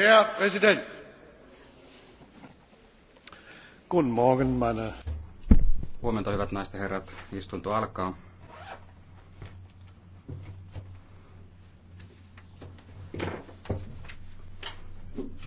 herr Präsident. meine. Huomenta, hyvät naiset ja herrat. Istunto alkaa.